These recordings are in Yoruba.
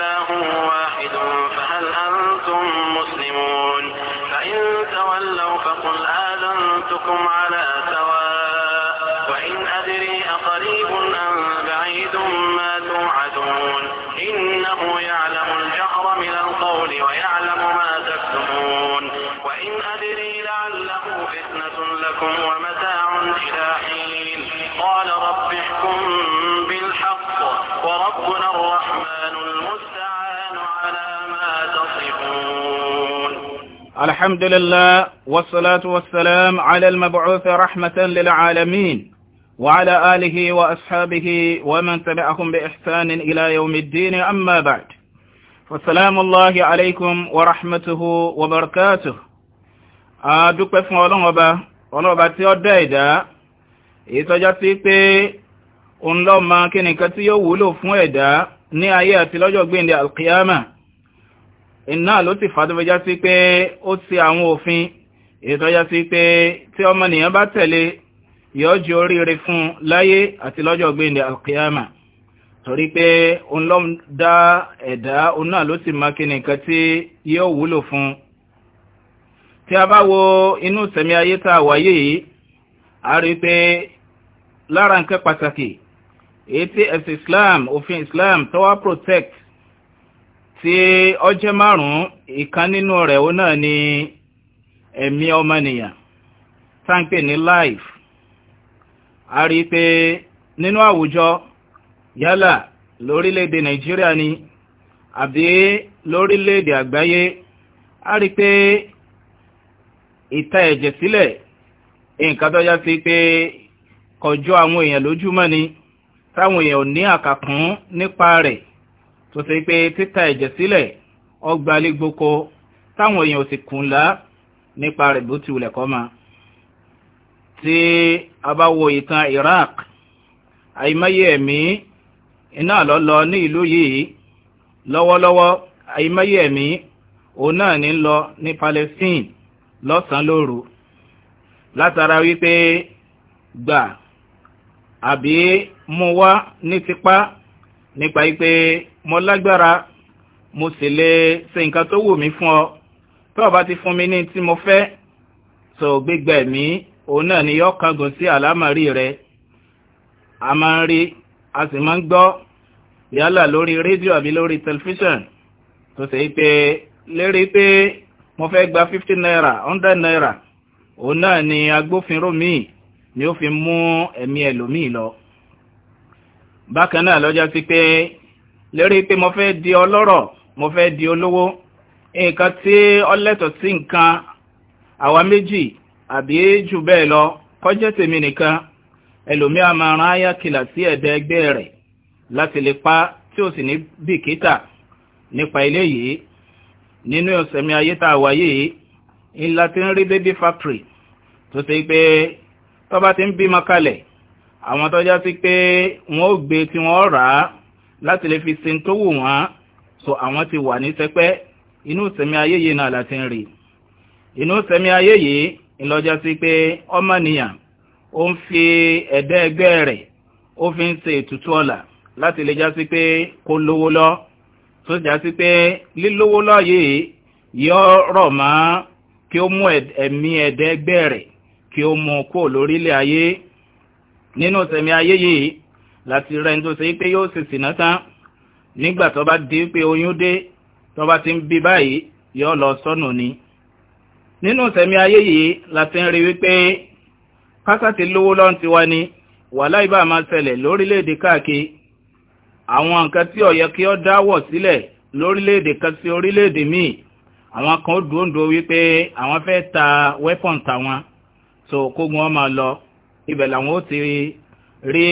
إله واحد فهل أنتم مسلمون فإن تولوا فقل آذنتكم على سواء وإن أدري أقريب أن الحمد لله والصلاة والسلام على المبعوث رحمة للعالمين وعلى آله وأصحابه ومن تبعهم بإحسان إلى يوم الدين أما بعد فالسلام الله عليكم ورحمته وبركاته أدوك فún ọlọ́run ọba ọlọ́run ọba tí ó dá ẹ̀dá ìtọ́já sí pé òun lọ́ọ́ máa kí nìkan tí iná ló ti fà tó fẹjá sí pé ó ti àwọn òfin ìtọ́já sí pé tí ọmọnìyàn bá tẹ̀lé yóò jẹ́ oríire fún láyé àti lọ́jọ́ gbẹ̀ndẹ̀ alkiyama torí pé òun ló dá ẹ̀dá òun ló ti máa kíni nǹkan tí yóò wúlò fún tí a bá wo inú sẹ̀mí ayé tá a wáyé yìí a rí pé lára nǹkan pàtàkì èyí tí ẹ̀sìn Islam òfin Islam tó wá protect tí ó jẹ́ márùn-ún ìkan nínú rẹ̀ ó náà ni ẹ̀mí ọmọnìyàn ní life a rí pé nínú àwùjọ yálà lórílẹ̀-èdè nàìjíríà ni àbí lórílẹ̀-èdè àgbáyé a rí pé ìta ẹ̀jẹ̀ sílẹ̀ nǹkan tó yá sí pé kọjọ́ àwọn èèyàn lójúmọ́ ni táwọn èèyàn ò ní tó ṣe pé títa ẹ̀jẹ̀ sílẹ̀ ọgbàlẹ̀ gboko táwọn èèyàn sì kùnlá nípa rẹ̀ bó ti wùlẹ̀ kọ́ ma tí a bá wo ìtàn Iraq àìmáyé ẹ̀mí iná lọ́lọ́ ní ìlú yìí lọ́wọ́lọ́wọ́ àìmáyé ẹ̀mí òun náà ní lọ ní Palestine lọ́sàn-án lóru látara wípé gbà àbí mú wá ní tipá nípa wípé mo lágbára mo sì lè ṣe nǹkan tó wù mí fún ọ tó o bá ti fún mi ní tí mo fẹ́ tó gbígbà ẹ̀mí òun náà ni yóò kángun sí àlámàrí rẹ a máa ń rí a sì máa ń gbọ́ yálà lórí rédíò àbí lórí tẹlifíṣàn tó ṣe pé lérí pé mo fẹ́ gba fifty naira hundred naira òun náà ni agbófinró míì ni ó fi mú ẹ̀mí ẹlòmíì lọ bákan náà lọ́jọ́ sí pé lérí pé mo fẹ́ di ọlọ́rọ̀ mo fẹ́ di olówó nǹkan tí ọlẹ́tọ̀ sí nǹkan àwa méjì àbí jù bẹ́ẹ̀ lọ kọjẹ́ tèmi nìkan ẹlòmí a máa rán áyá kìlà sí ẹ̀dẹ́ ẹgbẹ́ rẹ̀ láti lè pa tí ó sì ní bìkítà nípa ilé yìí nínú ọ̀sẹ̀mí ayé tá a wáyé ńlá ti ń rí baby factory tó ṣe pé tó bá ti ń bímọ kalẹ̀ àwọn tó sí pé wọ́n ó gbé tí wọ́n rà á láti lè fi sin tó wù wọ́n so àwọn ti wà ní sẹpẹ́ inú sẹ̀mí ayé yìí náà láti ń rí inú sẹ̀mí ayé yìí ìlọ́jà sí pé ọmọnìyàn ó ń fi ẹ̀dẹ́ ẹgbẹ́ rẹ̀ ó fi ń ṣe ètùtù ọ̀la láti lè já sí pé kó lówó lọ tó já sí pé lílówó lọ yìí yọ rọ̀ mọ́ kí ó mú ẹ̀mí ẹ̀dẹ́ ẹgbẹ́ rẹ̀ kí ó mú kó lórílẹ̀ ayé nínú sẹ̀mí ayé láti rẹ́ni tó ṣe pé yóò ṣe sìnà tán nígbà tó bá dé pé oyún dé tó bá ti ń bí báyìí yóò lọ sọ́nù ni nínú sẹ̀mí ayé yìí la ti ń rí wípé kásàtì lówó lọ́n ti wá ni wàhálà ìbá máa ṣẹlẹ̀ lórílẹ̀-èdè káàkiri àwọn nǹkan tí ó yẹ kí ó dáwọ̀ sílẹ̀ lórílẹ̀-èdè kan sí orílẹ̀-èdè míì àwọn kan ó dòńdó wípé àwọn fẹ́ ta weapon tàwọn so kógun ọmọ lọ ibẹ̀ làwọn ó ti rí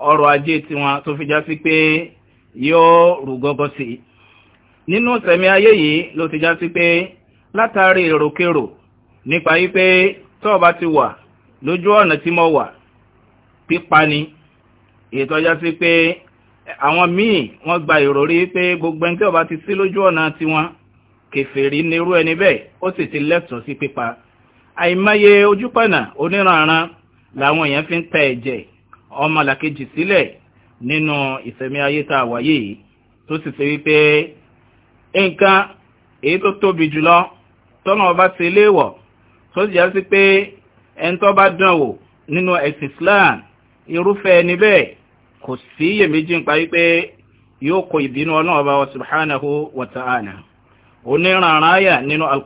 ọrọ̀ ajé tiwọn tó fi já sí pé yóò rú gọ́gọ́ sí nínú sẹ̀mí ayé yìí ló ti já sí pé látàrí èròkérò nípa wípé tó bá ti wà lójú ọ̀nà tí mo wà pípa ni ìtọ́já sí pé àwọn míì wọ́n gba ìròrí pé gbogbo ẹni tí ti sí lójú ọ̀nà tiwọn kèfèrí nírú ẹni bẹ́ẹ̀ ó sì ti lẹ́tọ̀ọ́ sí pípa àìmọye ojúpọ̀nà oníranran làwọn èèyàn fi ń ta ẹ̀jẹ̀ ọmọlàkejì sílẹ̀ nínú ìsẹ̀mí ayé tá a wáyé yìí tó sì ṣe wípé nǹkan èyí tó tóbi jùlọ tọ́nà ọba ṣe léèwọ̀ tó sì já sí pé ẹni tó bá dán wò nínú ẹ̀sìn Islam irúfẹ́ ẹni bẹ́ẹ̀ kò sí iyèméjì nípa wípé yóò kó ìbínú ọlọ́run ọba wa subhanahu wa ta'ala oníranran ayà nínú al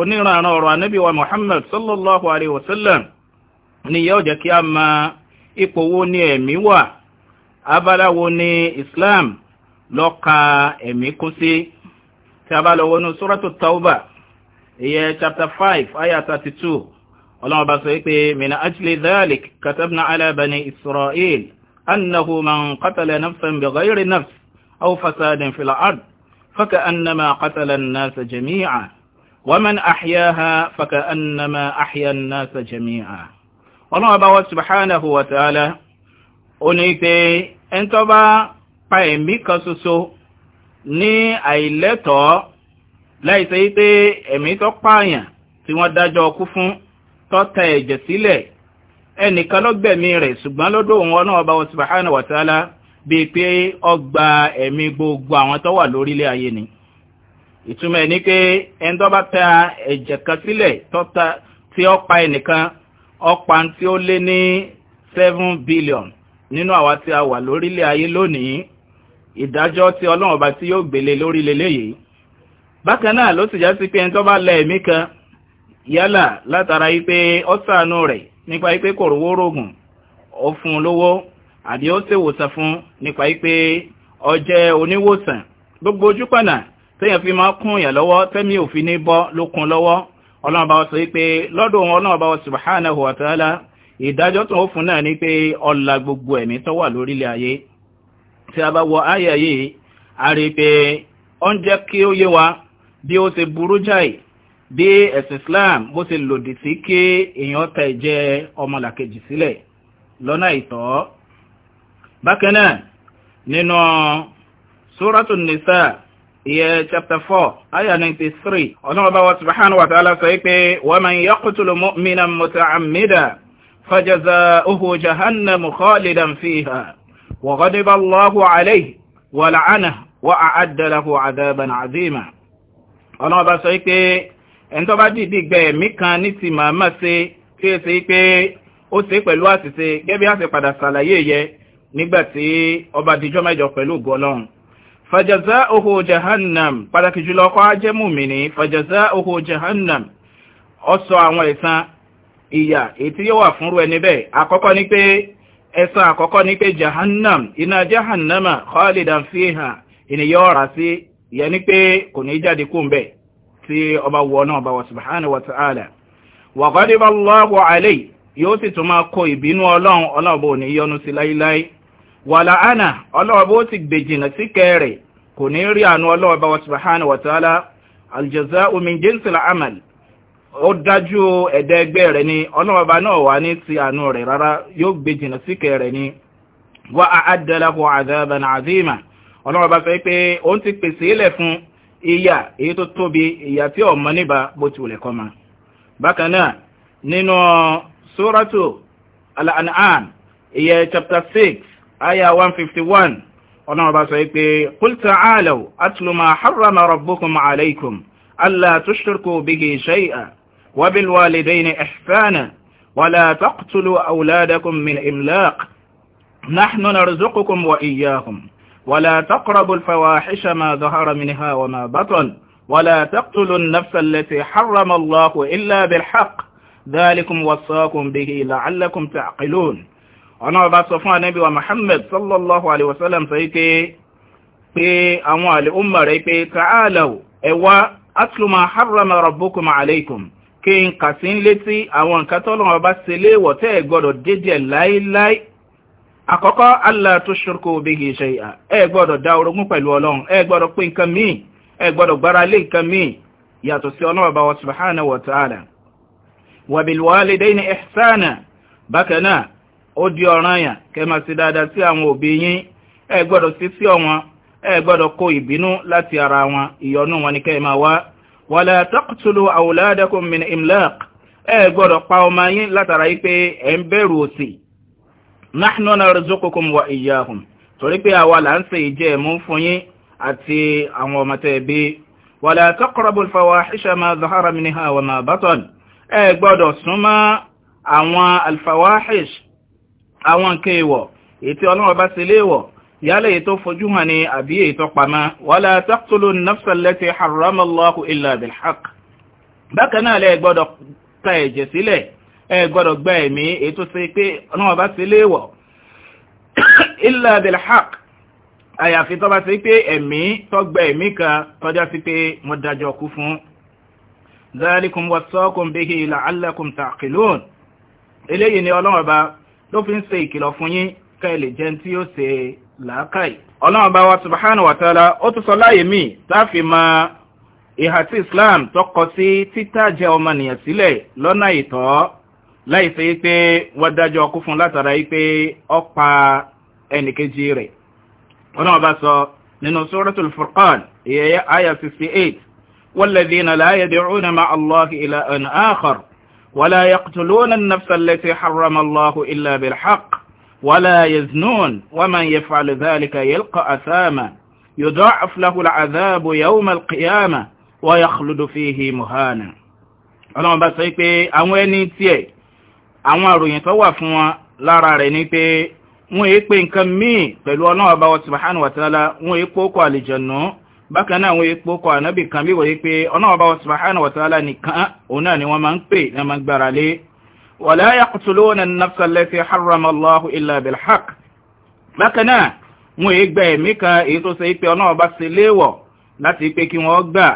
oníranran ọ̀rọ̀ anábìwa Muhammad sallallahu alayhi wa sallam ni yóò jẹ́ kí a máa ipò wo ni ẹ̀mí wà abala wo ni islam ló ka ẹ̀mí kó sí tí a bá lọ wọnú suratu tauba ìyẹ chapter five ayah thirty two ọlọ́run bá sọ pé mina ajli dhalik katabna ala bani israel annahu man qatala nafsan bi ghayri nafs aw fasadin fil ard فكأنما قتل الناس جميعا ومن أحياها فكأنما أحيا الناس جميعا ọlọ́run bá wọ́n subhanahu wa ta'ala ó ní pé ẹni tó bá pa ẹ̀mí kan ṣoṣo ní àìlẹ́tọ̀ọ́ láìsẹ́ pé ẹ̀mí tó pààyàn tí wọ́n dájọ́ ọkú fún tó ta ẹ̀jẹ̀ sílẹ̀ ẹnìkan ló gbẹ̀mí rẹ̀ ṣùgbọ́n lọ́dọ̀ òun ọlọ́run bá wọ́n subhanahu wa ta'ala bíi pé ọgbà ẹ̀mí gbogbo àwọn tó wà lórílẹ̀ ayé ni ìtumọ̀ ní pé ẹni tó bá ta ẹ̀jẹ̀ kan sílẹ̀ tó ta tí ó pa ẹnìkan ọpa tí ó lé ní seven billion nínú àwa tí a wà lórílẹ̀ ayé lónìí ìdájọ́ tí ọlọ́run ọba tí yóò gbélé lórílẹ̀ leléyìí bákan náà ló sì já sí pé ẹni tó bá lẹ ẹ̀mí kan yálà látara wípé ó ṣàánú rẹ̀ nípa wípé kò rówó rògùn ó fún un lówó àbí ó ṣèwòsàn fún nípa wípé ó jẹ́ oníwòsàn gbogbo ojúpọ̀nà téèyàn fi máa kún yàn lọ́wọ́ tẹ́mi òfin ní bọ́ ló kún lọ́wọ́ ọlọ́run bá wọ́n sọ wípé lọ́dọ̀ wọn ọlọ́run bá wọ́n subhanahu wa ta'ala ìdájọ́ tó ń fún náà ni pé ọlá gbogbo ẹ̀mí tó wà lórílẹ̀ ayé tí a bá wọ ayé yìí pé ó ń jẹ́ kí ó yé wa bí ó ṣe burú jáì bí ẹ̀sìn Islam bó ṣe lòdì sí kí èèyàn ta ìjẹ́ ọmọlàkejì sílẹ̀ lọ́nà ìtọ́ bákan náà nínú Suratul ìyẹn chapter four ayah ninety three ọlọ́run bá wa subhanahu wa ta'ala sọ pé wa man yaqtulu mu'minan muta'ammidan fajaza'uhu jahannamu khalidan fiha wa ghadiba Allahu alayhi wa la'anahu wa a'adda lahu 'adaban 'azima ọlọ́run bá sọ pé ẹni tó bá dìdí gbẹ ẹ̀mí kan fàjàzá oho jahannam pàtàkì jùlọ kọ́ ajẹ́ mùmìnì fàjàzá oho jahannam ọsọ àwọn ẹ̀san ìyà ètí yóò wà fúnrú ẹni bẹ́ẹ̀ àkọ́kọ́ ní pé ẹ̀san àkọ́kọ́ ní pé jahannam iná jahannama khalidan fiha ènìyàn ọ̀rà sí ìyẹn ní pé kò ní jáde kú mbẹ̀ tí ọba wọ náà bá wà subhanahu wa wàlà ánà ọlọ́ọ̀bá ó ti gbèjìnà sí kẹrẹ̀ kò ní rí àánú ọlọ́ọ̀bá wa subhanahu wa ta'ala aljaza'u min jinsil amal ó dájú ẹ̀dẹ́ ẹgbẹ́ rẹ̀ ni ọlọ́ọ̀bá náà wà ní ti àánú rẹ̀ rárá yóò gbèjìnà sí kẹrẹ̀ ni wa a'adda lahu 'adhaban 'azima ọlọ́ọ̀bá fẹ́ pé ó ti pèsè ilẹ̀ fún ìyà èyí tó tóbi ìyà tí ọmọ níbà bó ti wùlẹ̀ kọ́ma bákan náà nínú suratu al ìyẹn chapter 6 ayah 151 ọ̀nà ọba sọ pé qul ta'alaw atlu ma harrama rabbukum alaykum alla tushriku bihi shay'a wa bil walidayni ihsana wa la taqtulu awladakum min imlaq nahnu narzuqukum wa iyyahum wa la taqrabu al-fawahisha ma dhahara minha wa ma batan ولا تقتلوا النفس التي حرم الله إلا بالحق ذلكم وصاكم به لعلكم تعقلون ọ̀nà ọba sọ fún anábíwa Muhammad sallallahu alaihi wasallam sọ ike pé àwọn al'umma rẹ̀ pé ta'alaw ẹwà atluma harrama rabbukum alaikum kí n kà sí létí àwọn nǹkan tọ́lọ́run ọba ṣe léèwọ̀ tẹ́ ẹ gbọ́dọ̀ dédé láíláí àkọ́kọ́ allah tushriku bihi shay'a ẹ gbọ́dọ̀ dá orogún pẹ̀lú yàtọ̀ sí ọlọ́run ọba wa subhanahu wa ta'ala wa bil walidayni ihsana bákan ó di ọ̀ranyàn kẹ́ máa ṣe dáadáa sí àwọn òbí yín ẹ gbọ́dọ̀ sí sí ọ̀wọ́n ẹ gbọ́dọ̀ kó ìbínú láti ara wọn ìyọnú wọn ni kẹ́ máa wá wala taqtulu awladakum min imlaq ẹ gbọ́dọ̀ pa ọmọ yín látara yí pé ẹ ń bẹ̀rù òṣì nahnu narzuqukum àwọn ọmọ àwọn nǹkan èèwọ̀ ètí ọlọ́run bá ṣe léèwọ̀ yálẹ̀ èyí tó fojú hàn ní àbí èyí tó pamọ́ wala taqtulu an-nafsa allati harrama Allahu illa bil-haqq bákan náà lẹ́ gbọ́dọ̀ ta ẹ̀jẹ̀ sílẹ̀ ẹ gbọ́dọ̀ gba ẹ̀mí èyí tó ṣe pé ọlọ́run bá ṣe léèwọ̀ illa bil àyàfi tó bá pé ẹ̀mí tó gba ẹ̀mí kan tọ́já sí pé mo dájọ́ kú fún dhalikum wassakum bihi la'allakum ta'qilun eléyìí ni ọlọ́run bá ló fi ń ṣe ìkìlọ̀ fún yín kẹ́lẹ̀ jẹ́ tí ó ṣe làákàì ọlọ́run bá wa subhanahu wa ta'ala ó tún sọ láyé míì táàfi ma ìhà tí islam tọkọ sí títàjẹ ọmọnìyàn sílẹ̀ lọ́nà ìtọ́ láì ṣe pé wọ́n dájọ́ ọkú fún látara pé ó pa ẹnìkejì rẹ̀ ọlọ́run sọ nínú suratul furqan ìyẹyẹ ayah 68 walladhina la yad'una ولا يقتلون النفس التي حرم الله إلا بالحق ولا يزنون ومن يفعل ذلك يلقى أثاما يضاعف له العذاب يوم القيامة ويخلد فيه مهانا أنا بسيك أمين تي أمين رؤية وفوا لا رأيني تي مو يكبين كمي بلو أنا أبا سبحانه وتعالى مو يكبوكو على bákan náà àwọn epo kọ ànábì kan bí wòye pé ọlọ́wọ́ bá subhanahu wa ta'ala nìkan òun náà ni wọ́n máa ń pè ní ọmọ gbára lé wala yaqtuluna an-nafsa allati harrama Allahu illa bil-haqq wọ́n gbà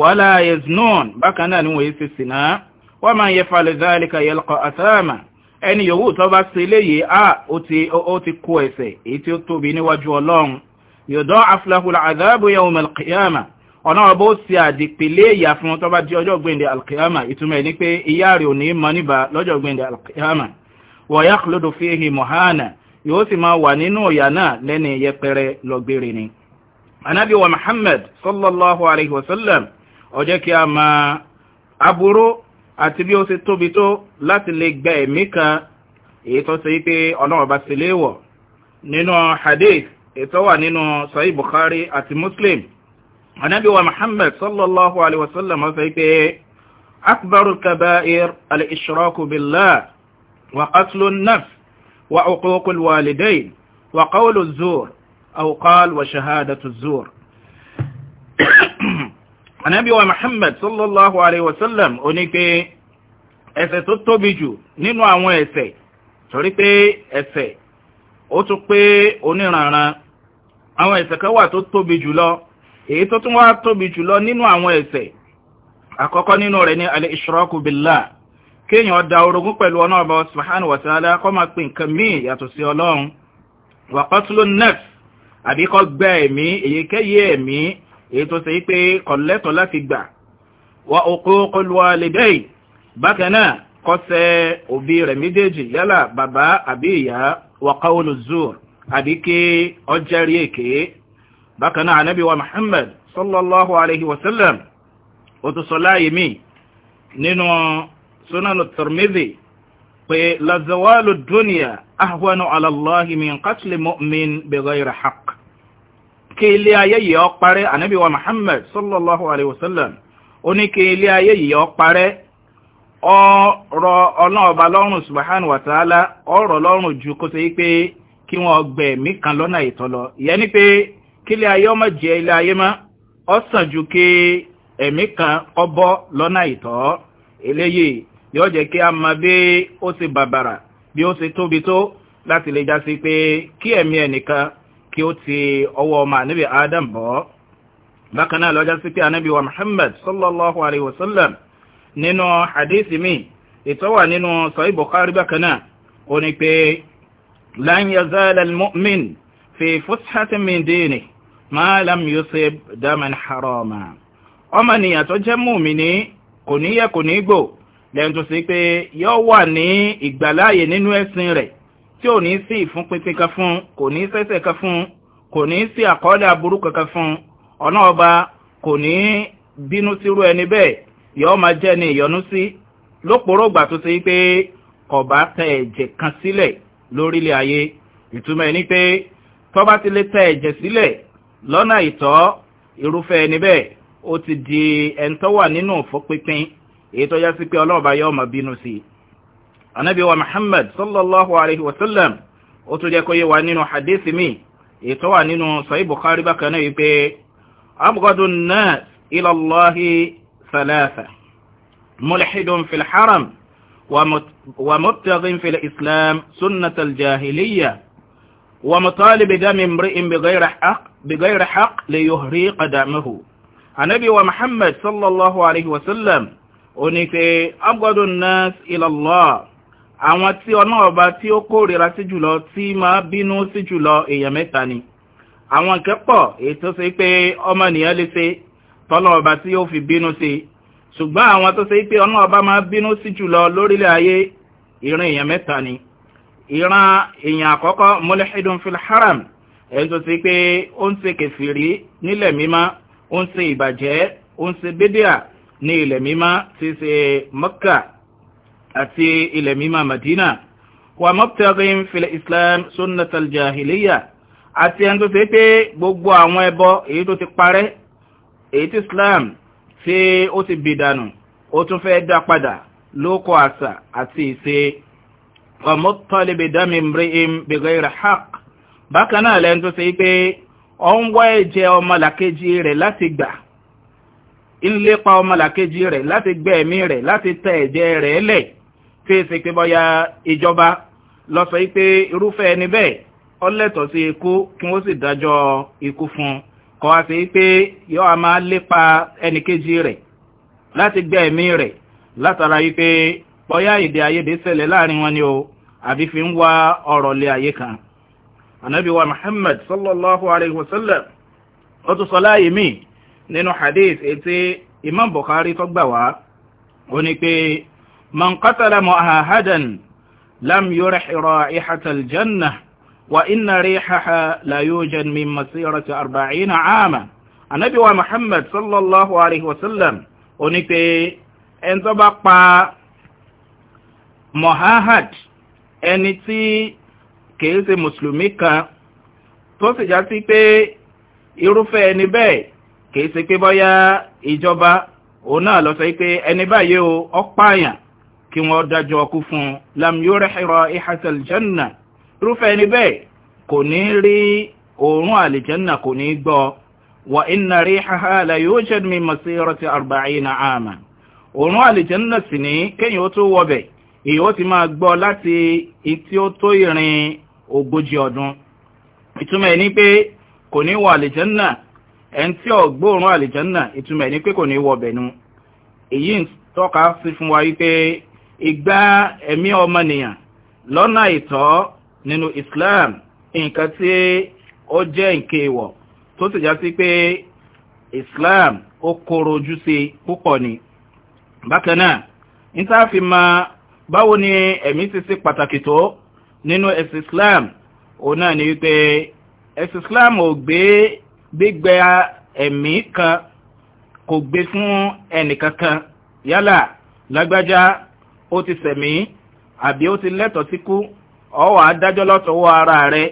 wala yaznun bákan náà ni wọ́n ẹni yòówù tó bá ṣe léyìí á ó ti kó ẹ̀ṣẹ̀ èyí tí ó tóbi níwájú Ọlọ́run yudha'af lahu al-'adhabu yawm al-qiyamah ọ̀nà ọbọ̀ sí àdìpìlẹ̀ ìyà fún tó bá di ọjọ́ gbẹ̀ndẹ̀ alkiyama ìtumẹ̀ ní pé ìyà rẹ̀ ò ní mọ́ níbà lọ́jọ́ gbẹ̀ndẹ̀ alkiyama wa yakhludu fihi muhana yóò sì máa wà nínú ìyà náà lẹ́ni yẹpẹrẹ lọ́gbẹ̀rẹ̀ ni ètò wà nínú sahih bukhari àti muslim anábí wa muhammad sallallahu alaihi wasallam fẹ́ pé akbarul kaba'ir al-ishraku billah wa qatlun nafs wa uququl walidayn wa qawlu zur aw qal wa shahadatu zur anábí wa muhammad sallallahu alaihi wasallam ó ní pé ẹ̀ṣẹ̀ tó tóbi jù nínú àwọn ẹ̀ṣẹ̀ torí pé ẹ̀ṣẹ̀ ó tún pé oníranran àwọn ẹ̀ṣẹ̀ kan wà tó tóbi jùlọ èyí tó tún wá tóbi jùlọ nínú àwọn ẹ̀ṣẹ̀ àkọ́kọ́ nínú rẹ̀ ní al-ishraku billah kéèyàn da orogún pẹ̀lú ọlọ́ọ̀bọ̀ subhanahu wa ta'ala òbí rẹ̀ méjèèjì yálà bàbá àbí ìyá wa qawlu àbí kí ọjẹ́rí èké bákan náà anábì wa muhammad sallallahu alaihi wasallam ó tó sọ láàyè mí nínú sunanu tirmidhi pé lazawalu duniya ahwanu alallahi min qatli mu'min bighayri haqq kí ilé ayé yìí ó parẹ́ anábì wa muhammad sallallahu alaihi wasallam ó ní kí ilé ayé yìí ó parẹ́ ọ̀rọ̀ ọlọ́ọ̀ba lọ́rùn subhanahu wa ta'ala ọ̀rọ̀ lọ́rùn ju kó ṣe pé kí wọ́n gbẹ̀mí kan lọ́nà ìtọ́lọ ìyẹn ni pé kílé ayé ọmọ jẹ́ ilé ayé mọ́ ó sàn ju kí ẹ̀mí kan kó bọ́ lọ́nà ìtọ́ eléyìí yóò jẹ́ kí a mọ bí ó ti bàbàrà bí ó ti tóbi tó láti lè já sí pé kí ẹ̀mí ẹnìkan kí ó ti ọwọ́ ọmọ ànábì Adam bọ́ bákan náà lọ́jà sí pé ànábì wa Muhammad sallallahu alayhi wa sallam nínú hadith mi ìtọ́wà nínú sọ Bukhari bákan náà ó ní pé لن يزال المؤمن في فسحة من دينه ما لم يصب دما حراما ọmọnìyàn tó jẹ́ mùmíní kò níyẹ kò ní gbò lẹ́yìn tó sì pé yóò wà ní ìgbàláàyè nínú ẹ̀sìn rẹ̀ tí ò ní sí ìfúnpinpin kan fún kò ní sẹ́sẹ̀ kan fún kò ní sí àkọọ́lẹ̀ aburú kankan fún ọ̀nà ọba kò ní bínú sírú ẹni bẹ́ẹ̀ yóò máa jẹ́ ni ìyọnú sí lóporógbà tó sì pé kò bá ẹ̀jẹ̀ kan sílẹ̀ lórílẹ̀ ayé ìtumọ̀ ẹni pé tọ́ba ti lè tẹ ẹ̀jẹ̀ sílẹ̀ lọ́nà ìtọ́ irúfẹ́ ẹni bẹ́ẹ̀ ó ti di ẹni tó wà nínú fọ́pínpín èyí tó yá sí pé ọlọ́ọ̀bá yóò máa bínú sí i anabi wa muhammad sallallahu alaihi wasallam ó tún jẹ́ kó yé wa nínú hadith mi èyí tó wà nínú sahih bukhari bákan náà wípé abgadu nas ilallahi salasa mulhidun fil ومبتغ في الإسلام سنة الجاهلية ومطالب دم امرئ بغير حق بغير حق ليهريق دمه النبي ومحمد صلى الله عليه وسلم أنك أبغض الناس إلى الله àwọn tí ọmọ ọba tí ó kórira sí jùlọ tí máa bínú sí jùlọ èèyàn mẹ́ta ni àwọn ìkẹ́pọ̀ ètò ṣùgbọ́n àwọn tó ṣe pé ọ̀nà ọba máa bínú sí jùlọ lórílẹ̀ ayé ìran èèyàn mẹ́ta ni ìran èèyàn àkọ́kọ́ mulhidun fil haram ẹni tó ṣe pé ó ń ṣe kẹfìrí nílẹ̀ mímọ́ ó ń ṣe ìbàjẹ́ ó ń ṣe bídíà ní ilẹ̀ mímọ́ ti ṣe Mọ́kà àti ilẹ̀ mímọ́ Madina wà mọ́pítẹ́rin fil Islam sunnatal jahiliya àti ẹni tó ṣe pé gbogbo àwọn ẹbọ èyí tó ti parẹ́ èyí tí Islam tí ó ti bì dànù ó tún fẹ́ dá padà lóko àṣà àti ìṣe ọmọ tọ́lẹ̀bẹ̀ dámì mìíràn bẹ̀rẹ̀ ìrẹ̀hàk bákan náà lẹ́nu tó ṣe pé ọ ń wá ẹ̀jẹ̀ ọmọlàkejì rẹ̀ láti gbà ń lépa ọmọlàkejì rẹ̀ láti gbẹ̀mí rẹ̀ láti tẹ ẹ̀jẹ̀ rẹ̀ lẹ̀ tí ó ṣe pé bọ́yá ìjọba lọ pé irúfẹ́ ẹni bẹ́ẹ̀ ó sí ikú kí wọ́n sì dájọ́ ikú fún un kan wá sí pé yọ́ a máa lépa ẹnìkejì rẹ̀ láti gbẹ́ ẹ̀mí rẹ̀ látara wípé bọ́yá èdè àyèdè ṣẹlẹ̀ láàrin wọn ni o àbí fi ń wá ọ̀rọ̀ lé ayé kan anabi wa muhammad sallallahu alayhi wa sallam ó tún sọ láàyè mí nínú hadith ètí imam bukhari tó gbà wá ó ní pé man qatala mu'ahadan lam yurih ra'ihatal jannah وإن ريحها لا يوجد من مسيرة أربعين عاما النبي محمد صلى الله عليه وسلم ونكي أن تبقى mohahad ẹni tí kìí ṣe mùsùlùmí kan tó sì já sí pé irúfẹ́ ẹni bẹ́ẹ̀ kìí ṣe pé bọ́yá ìjọba òun náà lọ sọ pé ẹni báyìí o ọpáyàn kí wọ́n dájọ́ ọkú fún lam yóò rẹ̀hìrọ̀ ìhàṣẹ̀l jẹ́nà rúfẹ́ ẹni bẹ́ẹ̀ kò ní rí òórùn àlìjẹ́nà kò ní gbọ́ wa inna rihaha la yujad min masirati na ama òórùn àlìjẹ́nà sì ní kéyìn ó tó èyí ó ti máa gbọ́ láti tí ó tó ìrìn ogójì ọdún ìtumọ̀ ní pé kò ní wọ àlìjẹ́nà ẹn tí ó gbóòórùn àlìjẹ́nà ìtumọ̀ ní pé kò ní nu èyí ń tọ́ka sí fún wa wípé ìgbà ẹ̀mí ọmọnìyàn lọ́nà ìtọ́ nínú Islam nǹkan tí ó jẹ́ nǹkan ìwọ̀ tó sì já sí pé Islam ó kóró ojú sí púpọ̀ ni bákan náà níta fi ma báwo ni ẹ̀mí ti sí pàtàkì tó nínú ẹ̀sìn Islam òun náà ni wípé ẹ̀sìn Islam ò gbé gbígbẹ ẹ̀mí kan kò gbé fún ẹnìkankan yálà lágbájá ó ti sẹ̀mí àbí ó ti lẹ́tọ̀ọ́ síkú ọ wà á dájọ́ lọ́sọ̀wọ́ ara rẹ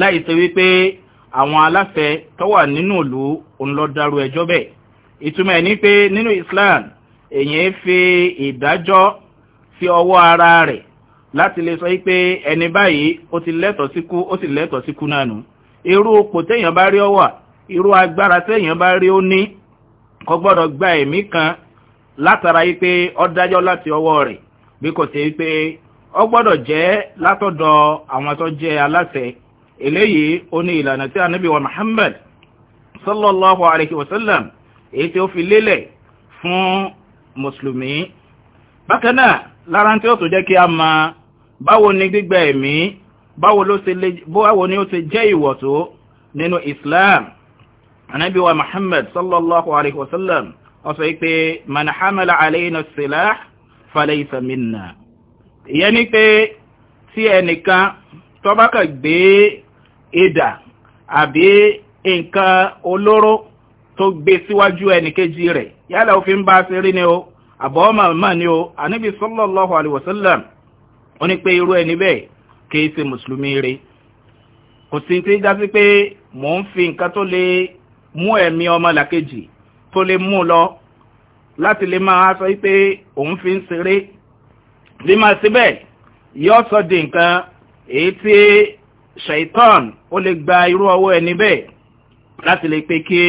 láì ṣe wípé àwọn aláfẹ tó wà nínú ìlú òun ẹjọ́ bẹ́ẹ̀ ìtumọ̀ ẹ̀ ní pé nínú Islam èyàn fi ìdájọ́ sí ọwọ́ ara rẹ̀ láti lè sọ wípé ẹni báyìí ó ti lẹ́tọ̀ọ́ síkú ó sì lẹ́tọ̀ọ́ síkú náà nù irú ipò téèyàn bá rí ọwà irú agbára téèyàn bá rí ó ní kò gbọ́dọ̀ gba ẹ̀mí kan látara wípé ó dájọ́ láti ọwọ́ rẹ̀ bí kò sí wípé ó gbọ́dọ̀ jẹ́ látọ̀dọ̀ àwọn tó jẹ́ aláṣẹ eléyìí ó ní ìlànà tí anábì wa Muhammad sallallahu alayhi wa sallam èyí tí ó fi lélẹ̀ fún mùsùlùmí bákan náà lára tí ó tó jẹ́ kí a mọ̀ báwo ni gbígbà ẹ̀mí báwo ni ó ti jẹ́ ìwọ̀ tó nínú Islam anábì wa Muhammad sallallahu alayhi wa sallam ó sọ pé man silah falaysa minna ìyẹn ni pé tí ẹnìkan tó bá kàn gbé ìdà àbí nǹkan olóró tó gbé síwájú ẹnìkejì rẹ̀ yálà òfin bá ṣe rí ni o àbọ̀ọ́mà mà ni o ànábì sallallahu alaihi wasallam ó ní pé irú ẹni bẹ́ẹ̀ kìí ṣe mùsùlùmí rí kò sí tí dásí pé mò ń fi nǹkan tó lè mú ẹ̀mí ọmọ làkejì tó lè mú lọ láti lè máa sọ pé òun fi ń ṣeré lima síbẹ̀ yóò sọ di nǹkan èyí tí shaitan ó lè gba irú ọwọ́ ẹni bẹ́ẹ̀ láti lè pé kí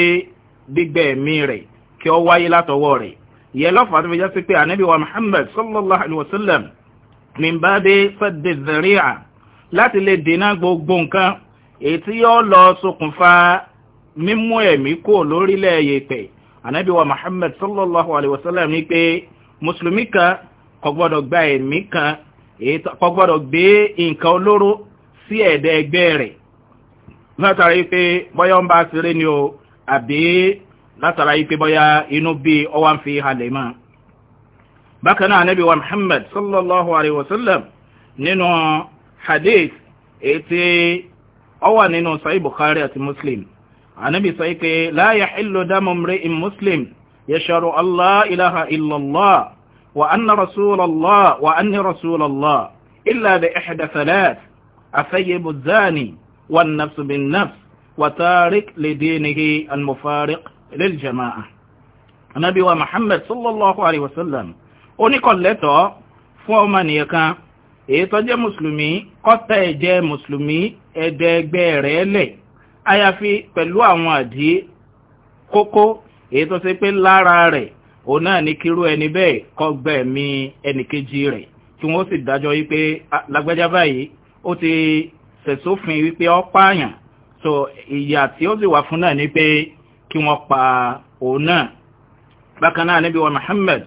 gbígbẹ́ ẹ̀mí rẹ̀ kí ó wáyé látọwọ́ rẹ̀ ìyẹn lọ́fà tó fi jẹ́ pé ànábì wa muhammad sallallahu alayhi wa sallam min báde fẹ́dẹ̀ zẹ̀ríà láti lè dènà gbogbo nǹkan èyí tí yóò lọ ṣokùnfà mímú ẹ̀mí kò lórílẹ̀ yẹ̀pẹ̀ ànábì wa muhammad sallallahu alayhi wa sallam ní pé mùsùlùmí kan kò gbọ́dọ̀ gba ẹ̀mí kan kò gbọ́dọ̀ gbé nǹkan olóró sí ẹ̀dẹ̀ ẹgbẹ́ rẹ̀ látara yìí pé bóyá ń bá ṣeré ni o àbí látara yìí pé bóyá inú bí ọwá ń fi halẹ̀ mọ́ bákan náà nabi wa muhammad sallallahu alayhi wa sallam nínú hadith ètí ọwà nínú sahih bukhari àti muslim anabi sọ pé la yahillu damu mri'in muslim yashhadu allah ilaha illallah وأن رسول الله وأن رسول الله إلا بإحدى ثلاث الثيب الزاني والنفس بالنفس وتارك لدينه المفارق للجماعة النبي ومحمد صلى الله عليه وسلم oníkọ̀ lẹ́tọ̀ọ́ fún ọmọ nìyẹn kan èyí tó jẹ́ mùsùlùmí kọ́tà ẹ̀jẹ̀ mùsùlùmí ẹ̀dẹ́gbẹ́ rẹ̀ lẹ̀ àyàfi pẹ̀lú àwọn àdí kókó òun náà ní kírú ẹni bẹ́ẹ̀ kọ́ gbẹ̀mí ẹnìkejì rẹ̀ kí wọ́n sì dájọ́ wípé lágbájá báyìí ó ti sẹ̀sófin wípé ó pààyàn so ìyà tí ó sì wà fún náà ni pé kí wọ́n pa òun náà bákan náà níbi wa muhammad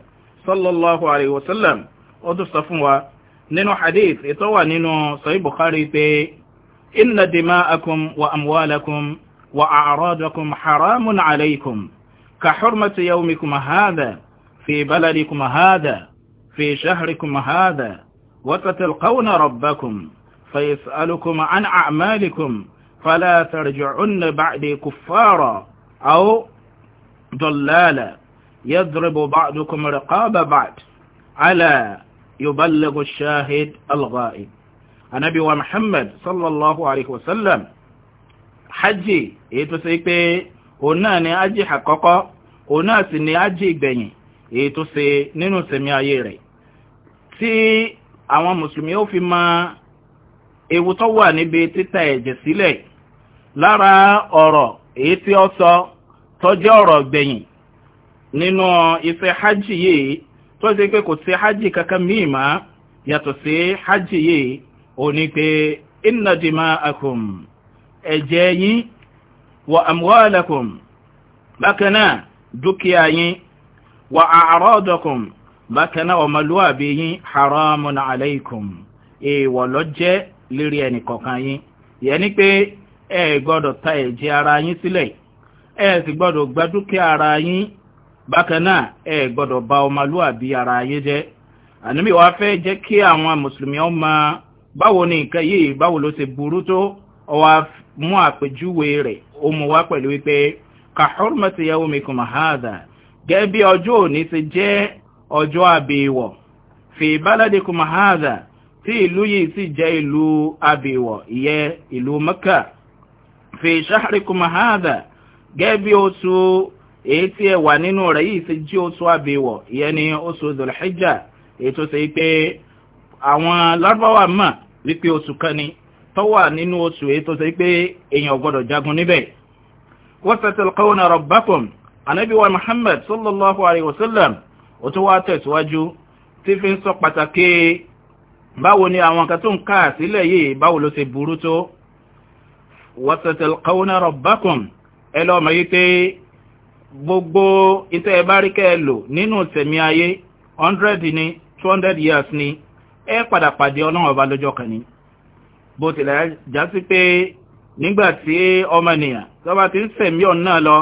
sallallahu alayhi wa sallam ó tún sọ fún wa nínú hadith ètò wà nínú sahih bukhari pé inna dima'akum wa amwalakum wa a'radakum haramun alaykum كحرمة يومكم هذا في بلدكم هذا في شهركم هذا وستلقون ربكم فيسألكم عن أعمالكم فلا ترجعن بعد كفارا أو ضلالا يضرب بعضكم رقاب بعض على يبلغ الشاهد الغائب النبي محمد صلى الله عليه وسلم حجي èyí tó ṣe pé òun òun náà sì ni ájì ìgbẹ̀yìn èyí tó ṣe nínú sẹ̀mí ayé rẹ̀ tí àwọn fi mọ ewu tó wà níbi títa ẹ̀jẹ̀ sílẹ̀ lára ọ̀rọ̀ èyí tí ó sọ tó ọ̀rọ̀ gbẹ̀yìn nínú iṣẹ́ hajj yìí tó ṣe pé kò sí hajj kankan míì mọ́ yàtọ̀ sí hajj yìí ò pé ẹ̀jẹ̀ wa amwalakum bákan náà dúkìá yín wà àárọ̀dọ̀kùn bákanáà ọmọlúwàbí yín haramun aleikum èèwọ̀ ló jẹ́ lérí ẹnì kọ̀ọ̀kan yín yẹ ni pé ẹ gbọ́dọ̀ ta ẹ̀jẹ̀ ara yín sílẹ̀ ẹ sì gbọ́dọ̀ gba dúkìá ara yín bákanáà ẹ gbọ́dọ̀ bà ọmọlúwàbí ara yín jẹ́ ànúmí wa fẹ́ jẹ́ kí àwọn mùsùlùmí ọmọ báwo ni nǹkan yìí báwo ló ti burú tó ó mú àpèjúwe rẹ̀ ó mú wá pẹ̀lú wípé ka hurmati ya wumi kuma haza gẹbi ọjọ ni ti jẹ ọjọ abiwọ fi balade kuma haza ti ilu yi si jẹ ilu abiwọ iye ilu maka fi shahri kuma haza gẹbi otu eti ẹwa ninu rẹ yi si ji otu abiwọ iye ni osu zulhijja eto si pe awọn larbawa ma wípé otu kani tọwa ninu otu eto si pe eyan wọ́sẹ̀tẹ̀lẹ́kọ́nà rọ̀bákùn anábíwá muhammad sallallahu alayhi wa sallam ó tún wá tẹ̀síwájú tí fi ń sọ pàtàkì báwo ni àwọn kan tó ń ká sílẹ̀ yìí báwo ló ṣe burú tó wọ́sẹ̀tẹ̀lẹ́kọ́nà rọ̀bákùn ẹ lọ mọ̀ yí pé gbogbo iṣẹ́ ẹ ẹ lò nínú tẹ̀mí ayé 100 ni 200 years ni ẹ padà pàdé ọlọ́run ọba lọ́jọ́ kan ni bó tilẹ̀ já sí pé nígbàtí ọmọnìyàn tó bá ti ń sẹ̀mí ọ̀n lọ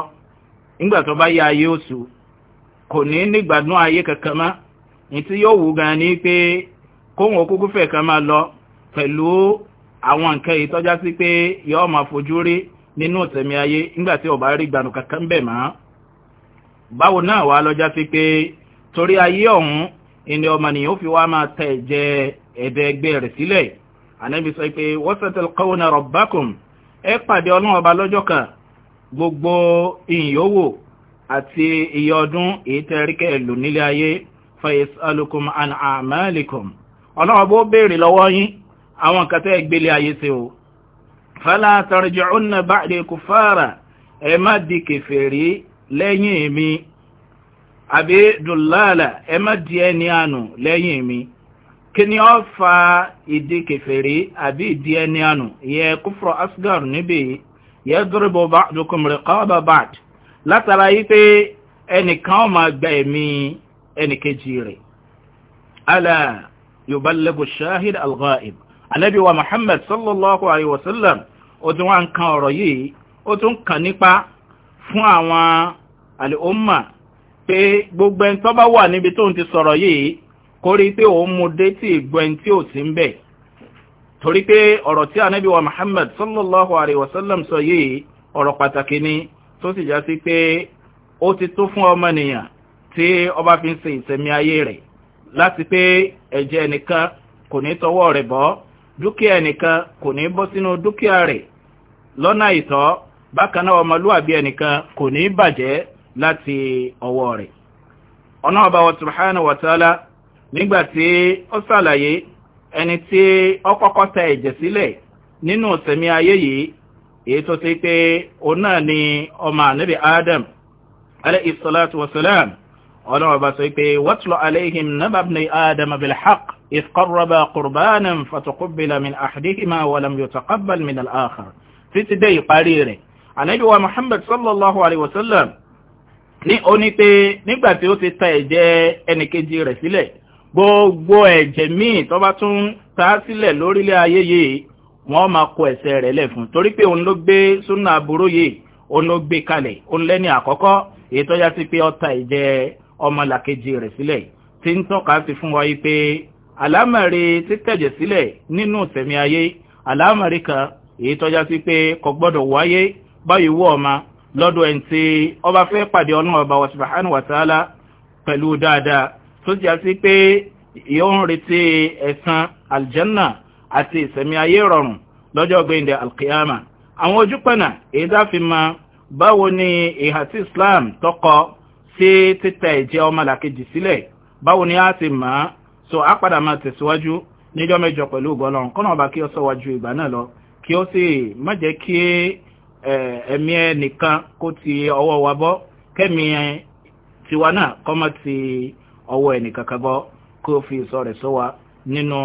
nígbà tó bá yá ayé oṣù kò ní nígbàdún ayé kankan mọ́ yóò wù gan lọ pẹ̀lú àwọn nǹkan sí pé yóò máa fojú rí nínú ìtẹ̀mí ayé rí kankan bẹ̀ mọ́ báwo náà sí pé torí ayé ọ̀hún ìní ọmọnìyàn ó fi wá máa tẹ̀ jẹ ẹ̀dẹ̀ ẹgbẹ́ rẹ̀ sílẹ̀ sọ ẹ pàdé ọlọ́run ọba lọ́jọ́ kan gbogbo ìyówò àti iye ọdún èyí tẹ́ rí kẹ́ lò nílé ayé fayes alukum an amalikum ọlọ́run ọba ó béèrè lọ́wọ́ yín àwọn nǹkan tẹ́ ayé sí o fala tarji'unna ba'di kufara ẹ má di kèfèrí lẹ́yìn mi àbí dùlálà ẹ má di ẹni àánú lẹ́yìn mi kí ni ó fa ìdí kèfèrí àbí ìdí ẹni ànù yẹ kúfùrọ̀ asgar níbi yẹ dúrúbọ̀ ba'dukum riqaba ba'd látara yí pé ẹnìkan ó máa gba ẹ̀mí ẹnìkejì rẹ̀ ala yuballighu shahid al-ghaib anabi wa muhammad sallallahu alayhi wa sallam ó tún wá ń kan ọ̀rọ̀ yìí ó tún kàn nípa fún àwọn àlè ó mà pé gbogbo ẹni tó bá wà níbi tó ń ti sọ̀rọ̀ yìí kó rí pé òun mú dé tí ìgbọ́n tí ò ti ń bẹ̀ torí pé ọ̀rọ̀ tí wa Muhammad sallallahu alayhi wa sallam sọ yìí ọ̀rọ̀ pàtàkì ni tó sì já sí pé ó ti tó fún ọmọnìyàn tí ọba fi ń ṣe ìsẹ̀mí ayé rẹ̀ láti pé ẹ̀jẹ̀ ẹnìkan kò ní tọwọ́ rẹ̀ bọ́ dúkìá ẹnìkan kò ní bọ́ sínú dúkìá rẹ̀ lọ́nà ìtọ́ bákan náà ọmọlúwàbí ẹnìkan kò ní bàjẹ́ nígbàtí ó sàlàyé ẹni tí ó kọ́kọ́ ta ẹ̀jẹ̀ sílẹ̀ nínú ìsẹ̀mí ayé yìí èyí tó ti pé òun náà ni ọmọ ànábì adam alayhi salatu wasalam ọlọ́run ọba sọ pé watlu alayhim naba ibni adam bilhaq idh qarraba qurbanan fatuqubila min ahadihima walam yutaqabbal min al-akhar títí dé ìparí rẹ̀ ànábì wa muhammad sallallahu alayhi wasallam ní ó ní pé nígbàtí ó ti ta ẹ̀jẹ̀ ẹnìkejì rẹ̀ sílẹ̀ gbogbo ẹ̀jẹ̀ míì tó bá tún ta sílẹ̀ lórílẹ̀ ayé yìí wọ́n máa kó ẹ̀ṣẹ̀ rẹ̀ lẹ̀ fún torí pé òun ló gbé súnà aburú yìí òun ló gbé kalẹ̀ òun lẹ́ni àkọ́kọ́ èyí tó já sí pé ọta ìjẹ ọmọlàkejì rẹ̀ sílẹ̀ tí ń tọ́ka sí fún wa yìí pé àlámọ̀rí títẹ̀jẹ̀ sílẹ̀ nínú ìsẹ̀mí ayé àlámọ̀rí kan èyí tó já pé kò gbọ́dọ̀ wáyé báyìí wọ́ ọmọ lọ́dọ̀ ẹni tí ọba fẹ́ pàdé ọlọ́run ọba wa subhanahu pẹ̀lú dáadáa tó jà sí pé yóò ń retí ẹ̀san aljanna àti ìsẹ̀mí ayé rọrùn lọ́jọ́ gbẹ̀ndẹ̀ alkiyama àwọn ojúpẹ̀nà èyí tá fi báwo ni ìhà tí islam tọkọ sí títẹ̀ ìjẹ́ ọmọlàkejì sílẹ̀ báwo ni a ti mọ̀ ọ́ so a padà máa tẹ̀síwájú níjọ́ mẹ́jọ pẹ̀lú ọgọ́lọ́run kọ́nà ọba kí ó sọ wájú ìgbà náà lọ kí ó sì má jẹ́ kí ẹ̀mí ẹnìkan kó ti ọwọ́ wa bọ́ kẹ́mi tiwa náà kọ́mọ ti ọwọ́ ẹnìkankan bọ́ kó fi sọ rẹ̀ sọ wa nínú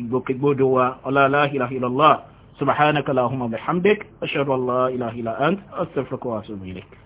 ìgbòkègbodò wa ọlọ́lá ìlàhìlọ́lá subhanaka lahumma bihamdik ashhadu an la